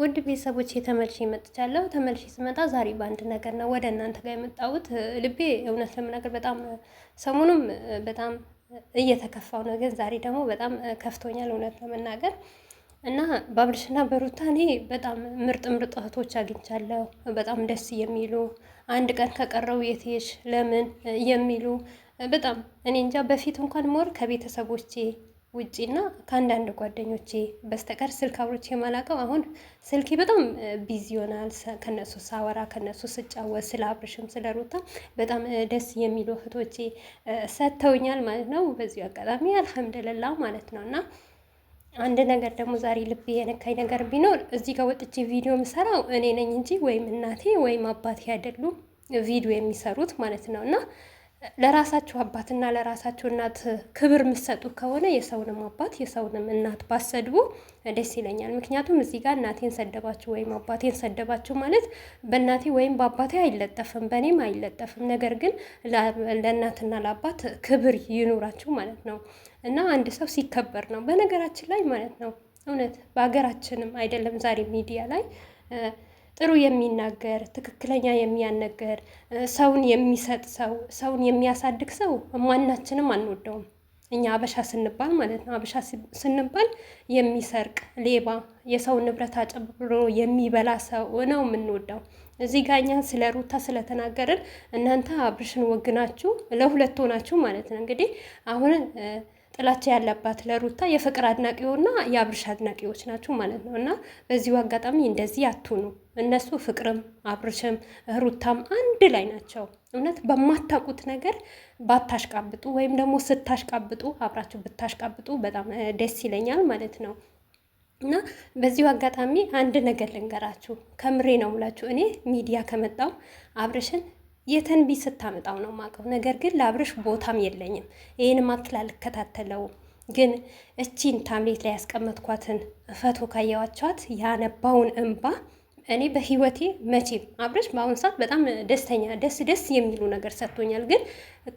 ውድ ቤተሰቦች ተመልሼ መጥቻለሁ። ተመልሼ ስመጣ ዛሬ በአንድ ነገር ነው ወደ እናንተ ጋር የመጣሁት። ልቤ እውነት ለመናገር በጣም ሰሞኑም በጣም እየተከፋው ነው፣ ግን ዛሬ ደግሞ በጣም ከፍቶኛል እውነት ለመናገር እና በአብርሽና በሩታ እኔ በጣም ምርጥ ምርጥ እህቶች አግኝቻለሁ። በጣም ደስ የሚሉ አንድ ቀን ከቀረው የትሽ ለምን የሚሉ በጣም እኔ እንጃ በፊት እንኳን ሞር ከቤተሰቦቼ ውጪና ከአንዳንድ ጓደኞቼ በስተቀር ስልክ አብሮች የማላቀው አሁን ስልኬ በጣም ቢዚ ይሆናል። ከነሱ ሳወራ ከነሱ ስጫወት ስለ አብርሽም ስለ ሩታ በጣም ደስ የሚሉ እህቶቼ ሰጥተውኛል ማለት ነው። በዚሁ አጋጣሚ አልሐምድልላ ማለት ነው። እና አንድ ነገር ደግሞ ዛሬ ልብ የነካኝ ነገር ቢኖር እዚህ ጋር ወጥቼ ቪዲዮ የምሰራው እኔ ነኝ እንጂ ወይም እናቴ ወይም አባቴ አይደሉም ቪዲዮ የሚሰሩት ማለት ነው እና ለራሳችሁ አባትና ለራሳችሁ እናት ክብር የምትሰጡ ከሆነ የሰውንም አባት የሰውንም እናት ባሰድቡ ደስ ይለኛል። ምክንያቱም እዚህ ጋር እናቴን ሰደባችሁ ወይም አባቴን ሰደባችሁ ማለት በእናቴ ወይም በአባቴ አይለጠፍም፣ በእኔም አይለጠፍም። ነገር ግን ለእናትና ለአባት ክብር ይኑራችሁ ማለት ነው እና አንድ ሰው ሲከበር ነው በነገራችን ላይ ማለት ነው እውነት በሀገራችንም አይደለም ዛሬ ሚዲያ ላይ ጥሩ የሚናገር ትክክለኛ የሚያነገር ሰውን የሚሰጥ ሰው ሰውን የሚያሳድግ ሰው ማናችንም አንወደውም። እኛ አበሻ ስንባል ማለት ነው። አበሻ ስንባል የሚሰርቅ ሌባ፣ የሰው ንብረት አጨብሮ የሚበላ ሰው ነው የምንወደው። እዚህ ጋ እኛ ስለ ሩታ ስለተናገርን እናንተ አብርሽን ወግናችሁ ለሁለት ሆናችሁ ማለት ነው እንግዲህ አሁን ጥላቻ ያለባት ለሩታ የፍቅር አድናቂውና የአብርሽ አድናቂዎች ናቸው ማለት ነው። እና በዚሁ አጋጣሚ እንደዚህ አትሁኑ። እነሱ ፍቅርም አብርሽም ሩታም አንድ ላይ ናቸው። እውነት በማታውቁት ነገር ባታሽቃብጡ ወይም ደግሞ ስታሽቃብጡ አብራችሁ ብታሽቃብጡ በጣም ደስ ይለኛል ማለት ነው። እና በዚሁ አጋጣሚ አንድ ነገር ልንገራችሁ፣ ከምሬ ነው ምላችሁ። እኔ ሚዲያ ከመጣው አብርሽን የተንቢ ስታመጣው ነው ማቀው። ነገር ግን ለአብርሽ ቦታም የለኝም። ይህን ማክል አልከታተለውም። ግን እቺን ታምሌት ላይ ያስቀመጥኳትን እፈቶ ካየዋቸዋት ያነባውን እንባ እኔ በህይወቴ መቼም አብረሽ በአሁኑ ሰዓት በጣም ደስተኛ ደስ ደስ የሚሉ ነገር ሰጥቶኛል። ግን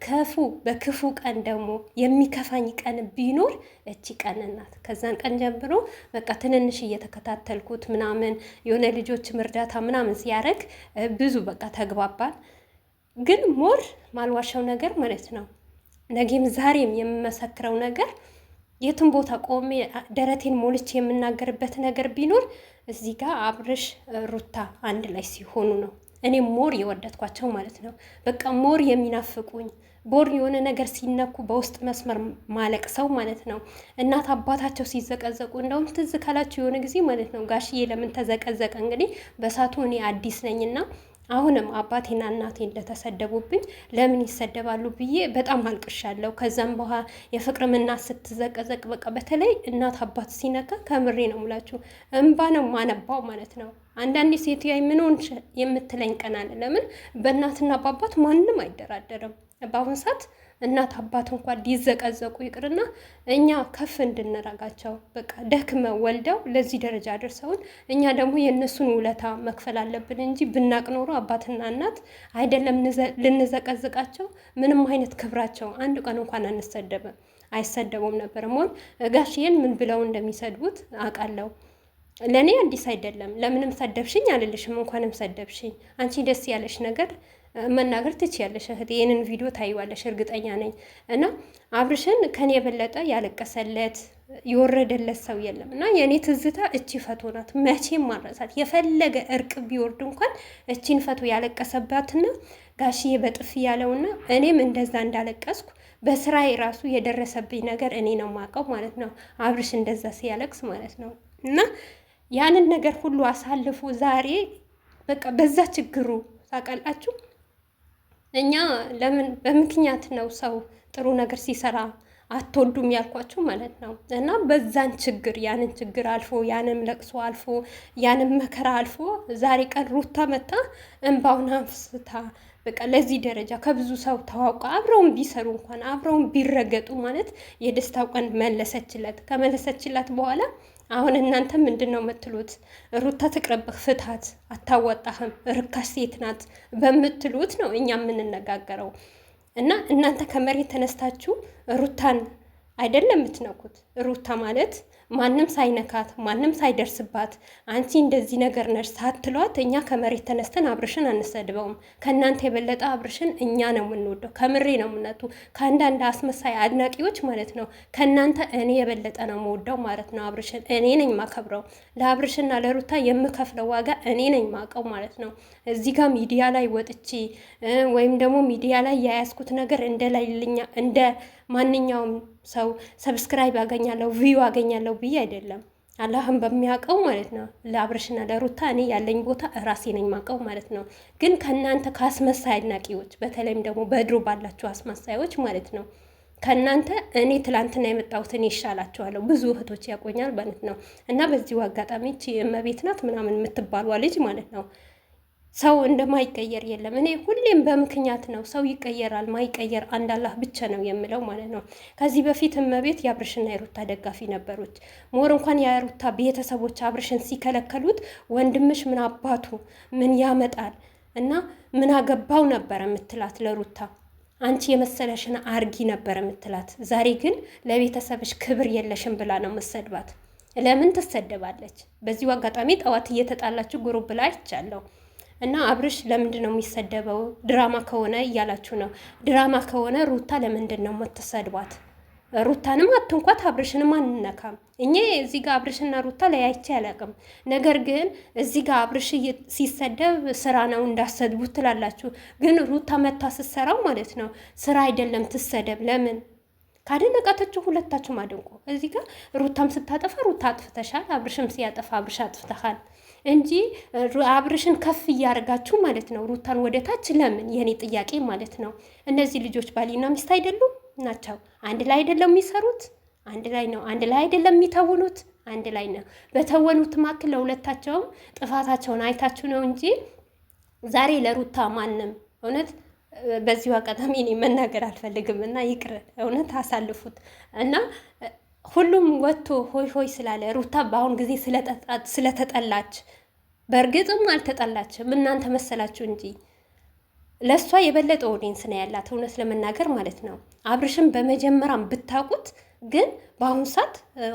ክፉ በክፉ ቀን ደግሞ የሚከፋኝ ቀን ቢኖር እቺ ቀን ናት። ከዛን ቀን ጀምሮ በቃ ትንንሽ እየተከታተልኩት ምናምን የሆነ ልጆችም እርዳታ ምናምን ሲያደርግ ብዙ በቃ ተግባባን። ግን ሞር ማልዋሻው ነገር ማለት ነው ነገም ዛሬም የምመሰክረው ነገር የትም ቦታ ቆሜ ደረቴን ሞልቼ የምናገርበት ነገር ቢኖር እዚህ ጋር አብርሽ ሩታ አንድ ላይ ሲሆኑ ነው። እኔ ሞር የወደድኳቸው ማለት ነው። በቃ ሞር የሚናፍቁኝ ቦር የሆነ ነገር ሲነኩ በውስጥ መስመር ማለቅ ሰው ማለት ነው። እናት አባታቸው ሲዘቀዘቁ እንደውም ትዝ ካላችሁ የሆነ ጊዜ ማለት ነው ጋሽዬ ለምን ተዘቀዘቀ? እንግዲህ በሳቱ እኔ አዲስ ነኝና አሁንም አባቴና እናቴ እንደተሰደቡብኝ ለምን ይሰደባሉ ብዬ በጣም አልቅሻለሁ። ከዛም በኋ የፍቅርም እናት ስትዘቀዘቅ በቃ በተለይ እናት አባት ሲነካ ከምሬ ነው ሙላችሁ እምባ ነው ማነባው ማለት ነው። አንዳንዴ ሴትዮዋ ምንን የምትለኝ ቀን አለ። ለምን በእናትና በአባት ማንም አይደራደርም በአሁን ሰዓት እናት አባት እንኳን ሊዘቀዘቁ ይቅርና እኛ ከፍ እንድንረጋቸው በቃ ደክመው ወልደው ለዚህ ደረጃ አድርሰውን እኛ ደግሞ የእነሱን ውለታ መክፈል አለብን እንጂ ብናቅ ኖሮ አባትና እናት አይደለም ልንዘቀዝቃቸው፣ ምንም አይነት ክብራቸው አንድ ቀን እንኳን አንሰደብም አይሰደቡም ነበር። ሞን ጋሽዬን ምን ብለው እንደሚሰድቡት አውቃለሁ። ለእኔ አዲስ አይደለም። ለምንም ሰደብሽኝ አልልሽም፣ እንኳንም ሰደብሽኝ። አንቺ ደስ ያለሽ ነገር መናገር ትችያለሽ እህት። ይህንን ቪዲዮ ታይዋለሽ እርግጠኛ ነኝ። እና አብርሽን ከኔ የበለጠ ያለቀሰለት የወረደለት ሰው የለም። እና የእኔ ትዝታ እቺ ፈቶ ናት፣ መቼም ማረሳት። የፈለገ እርቅ ቢወርድ እንኳን እቺን ፈቶ ያለቀሰባትና ጋሽዬ በጥፍ ያለውና እኔም እንደዛ እንዳለቀስኩ በስራዬ ራሱ የደረሰብኝ ነገር እኔ ነው የማውቀው ማለት ነው። አብርሽ እንደዛ ሲያለቅስ ማለት ነው። እና ያንን ነገር ሁሉ አሳልፎ ዛሬ በቃ በዛ ችግሩ ታውቃላችሁ እኛ ለምን በምክንያት ነው ሰው ጥሩ ነገር ሲሰራ አትወዱም ያልኳቸው ማለት ነው። እና በዛን ችግር ያንን ችግር አልፎ ያንም ለቅሶ አልፎ ያንም መከራ አልፎ ዛሬ ቀን ሩታ መታ እንባውን አንፍስታ በቃ ለዚህ ደረጃ ከብዙ ሰው ተዋውቃ አብረውን ቢሰሩ እንኳን አብረውን ቢረገጡ ማለት የደስታው ቀን መለሰችለት። ከመለሰችለት በኋላ አሁን እናንተ ምንድን ነው የምትሉት? ሩታ ትቅረብህ፣ ፍታት፣ አታወጣህም፣ ርካሽ ሴት ናት በምትሉት ነው እኛ የምንነጋገረው። እና እናንተ ከመሬት ተነስታችሁ ሩታን አይደለም የምትነኩት። ሩታ ማለት ማንም ሳይነካት ማንም ሳይደርስባት አንቺ እንደዚህ ነገር ነሽ ሳትሏት እኛ ከመሬት ተነስተን አብርሽን አንሰድበውም። ከእናንተ የበለጠ አብርሽን እኛ ነው የምንወደው። ከምሬ ነው የምነቱ ከአንዳንድ አስመሳይ አድናቂዎች ማለት ነው። ከእናንተ እኔ የበለጠ ነው የምወደው ማለት ነው አብርሽን። እኔ ነኝ ማከብረው። ለአብርሽና ለሩታ የምከፍለው ዋጋ እኔ ነኝ ማቀው ማለት ነው። እዚህ ጋር ሚዲያ ላይ ወጥቼ ወይም ደግሞ ሚዲያ ላይ የያዝኩት ነገር እንደ ላይልኛ እንደ ማንኛውም ሰው ሰብስክራይብ ያገኛለሁ ቪዩ ያገኛለሁ ብዬ አይደለም። አላህም በሚያውቀው ማለት ነው። ለአብረሽና ለሩታ እኔ ያለኝ ቦታ ራሴ ነኝ ማውቀው ማለት ነው። ግን ከእናንተ ከአስመሳይ አድናቂዎች፣ በተለይም ደግሞ በድሮ ባላችሁ አስመሳዮች ማለት ነው ከእናንተ እኔ ትላንትና የመጣሁት እኔ ይሻላችኋለሁ። ብዙ እህቶች ያቆኛል ማለት ነው። እና በዚሁ አጋጣሚ እመቤት ናት ምናምን የምትባሏ ልጅ ማለት ነው ሰው እንደማይቀየር የለም። እኔ ሁሌም በምክንያት ነው ሰው ይቀየራል፣ ማይቀየር አንድ አላህ ብቻ ነው የምለው ማለት ነው። ከዚህ በፊት እመቤት የአብርሽና የሩታ ደጋፊ ነበሮች። ሞር እንኳን የሩታ ቤተሰቦች አብርሽን ሲከለከሉት ወንድምሽ ምን አባቱ ምን ያመጣል እና ምን አገባው ነበር የምትላት ለሩታ አንቺ የመሰለሽን አርጊ ነበር የምትላት። ዛሬ ግን ለቤተሰብሽ ክብር የለሽም ብላ ነው መሰድባት። ለምን ትሰደባለች? በዚሁ አጋጣሚ ጠዋት እየተጣላችሁ ጉሩብ ላይ አይቻለሁ። እና አብርሽ ለምንድን ነው የሚሰደበው? ድራማ ከሆነ እያላችሁ ነው። ድራማ ከሆነ ሩታ ለምንድን ነው የምትሰድቧት? ሩታንም አትንኳት፣ አብርሽንም አንነካም። እኛ እዚህ ጋር አብርሽና ሩታ ለያይቼ አላውቅም። ነገር ግን እዚህ ጋር አብርሽ ሲሰደብ ስራ ነው እንዳሰድቡት ትላላችሁ። ግን ሩታ መታ ስትሰራው ማለት ነው ስራ አይደለም ትሰደብ ለምን ካደነቃተችሁ ሁለታችሁም አድንቁ። እዚህ ጋር ሩታም ስታጠፋ ሩታ አጥፍተሻል፣ አብርሽም ሲያጠፋ አብርሽ አጥፍተሃል እንጂ አብርሽን ከፍ እያደረጋችሁ ማለት ነው ሩታን ወደ ታች ለምን? የእኔ ጥያቄ ማለት ነው። እነዚህ ልጆች ባሊና ሚስት አይደሉም ናቸው? አንድ ላይ አይደለም የሚሰሩት? አንድ ላይ ነው። አንድ ላይ አይደለም የሚተውኑት? አንድ ላይ ነው። በተወኑት ማክል ለሁለታቸውም ጥፋታቸውን አይታችሁ ነው እንጂ ዛሬ ለሩታ ማንም እውነት በዚሁ አጋጣሚ እኔ መናገር አልፈልግም እና ይቅር፣ እውነት አሳልፉት እና ሁሉም ወጥቶ ሆይ ሆይ ስላለ ሩታ በአሁን ጊዜ ስለተጠላች በእርግጥም አልተጠላችም። እናንተ መሰላችሁ እንጂ ለእሷ የበለጠ ኦዲንስ ነው ያላት፣ እውነት ለመናገር ማለት ነው። አብርሽን በመጀመሪያም ብታውቁት፣ ግን በአሁኑ ሰዓት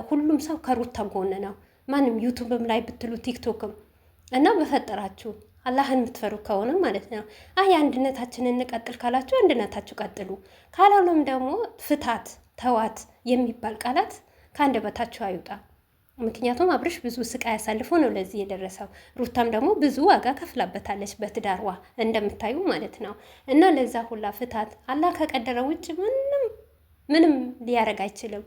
ሁሉም ሰው ከሩታ ጎን ነው። ማንም ዩቱብም ላይ ብትሉ ቲክቶክም እና በፈጠራችሁ አላህን የምትፈሩ ከሆነ ማለት ነው። አይ አንድነታችንን እንቀጥል ካላችሁ አንድነታችሁ ቀጥሉ፣ ካላሉም ደግሞ ፍታት፣ ተዋት የሚባል ቃላት ከአንደበታችሁ አይውጣ። ምክንያቱም አብርሽ ብዙ ስቃይ አሳልፎ ነው ለዚህ የደረሰው። ሩታም ደግሞ ብዙ ዋጋ ከፍላበታለች በትዳርዋ እንደምታዩ ማለት ነው። እና ለዛ ሁላ ፍታት። አላህ ከቀደረ ውጭ ምንም ምንም ሊያደርግ አይችልም።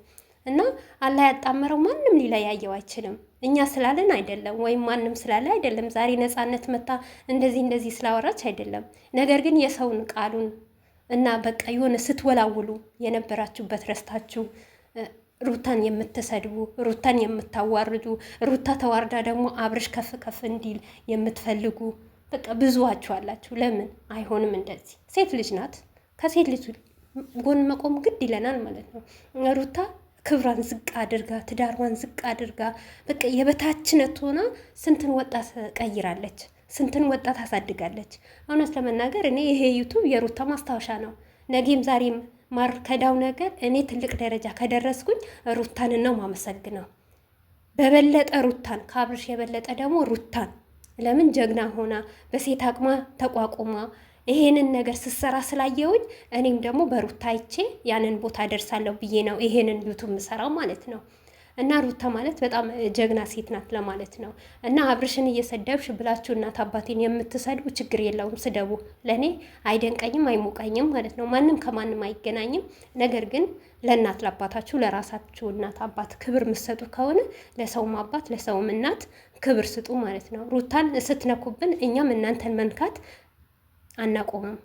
እና አላህ ያጣመረው ማንም ሊለያየው አይችልም። እኛ ስላለን አይደለም ወይም ማንም ስላለ አይደለም። ዛሬ ነፃነት መታ እንደዚህ እንደዚህ ስላወራች አይደለም። ነገር ግን የሰውን ቃሉን እና በቃ የሆነ ስትወላውሉ የነበራችሁበት ረስታችሁ ሩታን የምትሰድቡ፣ ሩታን የምታዋርዱ፣ ሩታ ተዋርዳ ደግሞ አብርሽ ከፍ ከፍ እንዲል የምትፈልጉ በቃ ብዙዋችሁ አላችሁ። ለምን አይሆንም? እንደዚህ ሴት ልጅ ናት። ከሴት ልጅ ጎን መቆም ግድ ይለናል ማለት ነው ሩታ ክብሯን ዝቅ አድርጋ ትዳርዋን ዝቅ አድርጋ በቃ የበታችነት ሆና ስንትን ወጣት ቀይራለች፣ ስንትን ወጣት አሳድጋለች። እውነት ለመናገር እኔ ይሄ ዩቱብ የሩታ ማስታወሻ ነው። ነገም ዛሬም ማር ከዳው ነገር እኔ ትልቅ ደረጃ ከደረስኩኝ ሩታንን ነው ማመሰግነው፣ በበለጠ ሩታን፣ ከአብርሽ የበለጠ ደግሞ ሩታን። ለምን ጀግና ሆና በሴት አቅማ ተቋቁማ ይሄንን ነገር ስሰራ ስላየውኝ እኔም ደግሞ በሩታ አይቼ ያንን ቦታ ደርሳለሁ ብዬ ነው ይሄንን ዩቱብ የምሰራው ማለት ነው። እና ሩታ ማለት በጣም ጀግና ሴት ናት ለማለት ነው። እና አብርሽን እየሰደብሽ ብላችሁ እናት አባቴን የምትሰድቡ ችግር የለውም ስደቡ፣ ለእኔ አይደንቀኝም አይሞቀኝም ማለት ነው። ማንም ከማንም አይገናኝም። ነገር ግን ለእናት ለአባታችሁ ለራሳችሁ እናት አባት ክብር የምትሰጡ ከሆነ ለሰውም አባት ለሰውም እናት ክብር ስጡ ማለት ነው። ሩታን ስትነኩብን እኛም እናንተን መንካት አናቆመም።